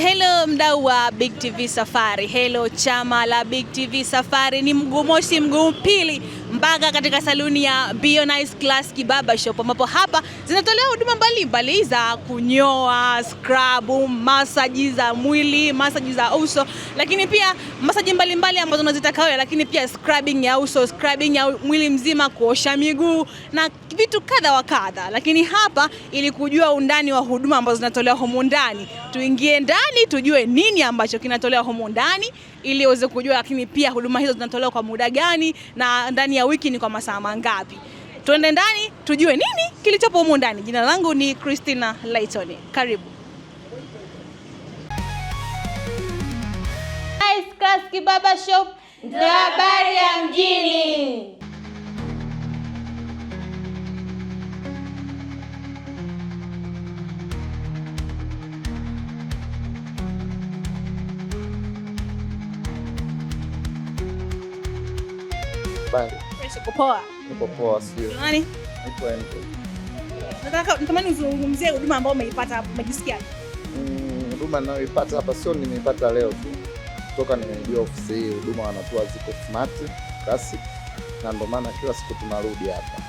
Hello mdau wa Big TV Safari, hello chama la Big TV Safari. Ni mguu mosi mguu pili mpaka katika saluni ya Bionice Class Kibaba Shop, ambapo hapa zinatolewa huduma mbalimbali za kunyoa, scrub, masaji za mwili, masaji za uso, lakini pia masaji mbalimbali ambazo unazitaka wewe, lakini pia scrubbing ya uso, scrubbing ya mwili mzima, kuosha miguu na vitu kadha wa kadha, lakini hapa ili kujua undani wa huduma ambazo zinatolewa humu ndani, tuingie ndani tujue nini ambacho kinatolewa humu ndani ili uweze kujua, lakini pia huduma hizo zinatolewa kwa muda gani na ndani ya wiki ni kwa masaa mangapi. Tuende ndani tujue nini kilichopo humu ndani. Jina langu ni Christina Layton, karibu. Ice Class Kibaba Shop ndio habari ya mjini. Habari. Uko Niko poa, natamani uzungumzie huduma ambayo umeipata hapo, umejisikiaje? Mm, huduma ninayoipata hapa sio nimeipata leo tu. Toka nimeingia ofisi hii huduma wanatoa ziko smart, classic na ndio maana kila siku tunarudi hapa.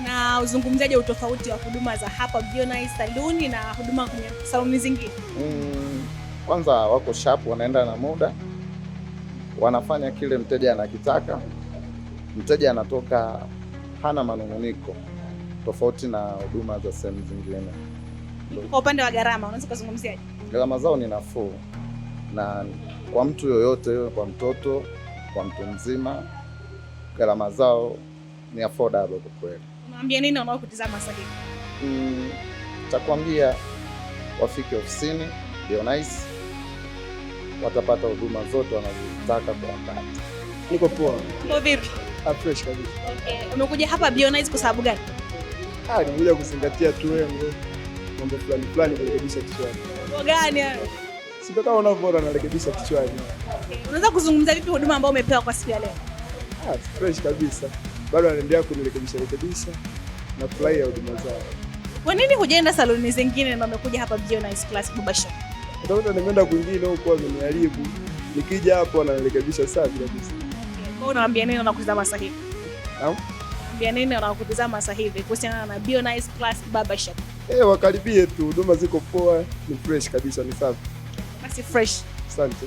Unauzungumziaje utofauti wa huduma za hapa Billionaire saluni na huduma kwenye saluni zingine? Mm, kwanza wako sharp, wanaenda na muda, wanafanya kile mteja anakitaka mteja anatoka hana manunguniko, tofauti na huduma za sehemu zingine. Kwa upande wa gharama, unaweza kuzungumziaje? Gharama zao ni nafuu na kwa mtu yoyote, kwa mtoto, kwa mtu mzima, gharama zao ni affordable kwa kweli. Unaambia nini wanaokutizama sasa hivi? Mm, takwambia wafike ofisini Dionys, watapata huduma zote wanazotaka kwa wakati. Niko poa. Niko vipi? Ah, fresh kabisa. Okay. Eh, umekuja hapa Bionize kwa sababu gani? Ah, nimekuja kuzingatia tu wewe Mambo fulani fulani kurekebisha kichwani. Mambo gani hayo? Sio kama unavyoona narekebisha kichwani. Okay. Unaweza kuzungumza vipi huduma ambayo umepewa kwa siku ya leo? Ah, fresh kabisa. Bado anaendelea kunirekebisha rekebisha na furahi ya huduma zao. Kwa nini hujaenda saluni zingine na umekuja hapa Bionize Classic Barbershop? Ndio nimeenda kwingine huko wameniaribu. Nikija hapo wananirekebisha safi kabisa. Unawaambia nini wanakutazama sasa hivi? Unawaambia nini wanakutazama sasa hivi kuhusiana na be Classic Barbershop? Eh, wakaribie tu, huduma ziko poa, ni fresh kabisa, ni safi. Basi fresh. Asante.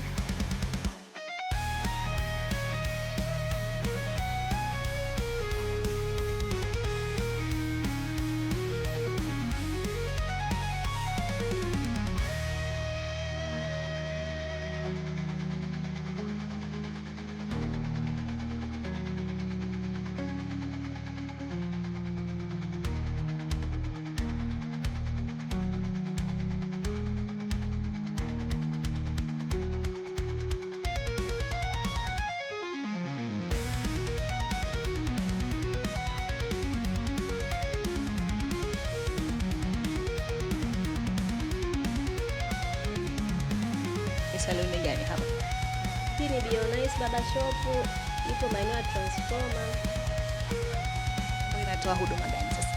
saluni gani hapa? Hii ni Bionice Baba Shop, ipo maeneo ya Transformer. Inatoa huduma gani sasa?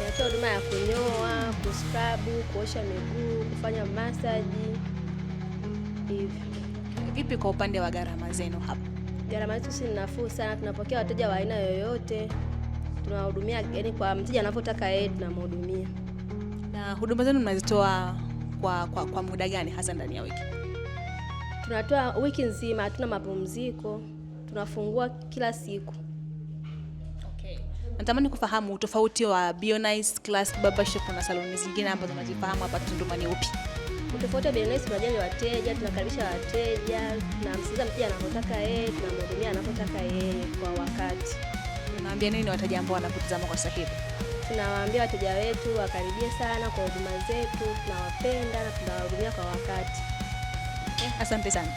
Inatoa huduma ya kunyoa, kuscrub, kuosha miguu, kufanya massage hivi. Vipi kwa upande wa gharama zenu hapa? Gharama zetu si nafuu sana, tunapokea wateja wa aina yoyote, tunawahudumia yani kwa mteja anavyotaka yeye tunamhudumia. Na huduma zenu mnazitoa kwa, kwa, kwa muda gani hasa ndani ya wiki? tunatoa wiki nzima, hatuna mapumziko, tunafungua kila siku. Natamani kufahamu utofauti wa Bionice Class Barbershop na saloni zingine ambazo tunazifahamu hapa Tunduma ni upi? Utofauti wa Bionice, tunajali wateja, tunakaribisha wateja, tunamsikiliza mteja anapotaka yeye, tunamhudumia anapotaka yeye kwa wakati. Unawaambia nini wateja ambao wanakutazama kwa sasa hivi? Tunawaambia wateja wetu wakaribie sana kwa huduma zetu, tunawapenda na tunawahudumia kwa wakati. Hasta empezando.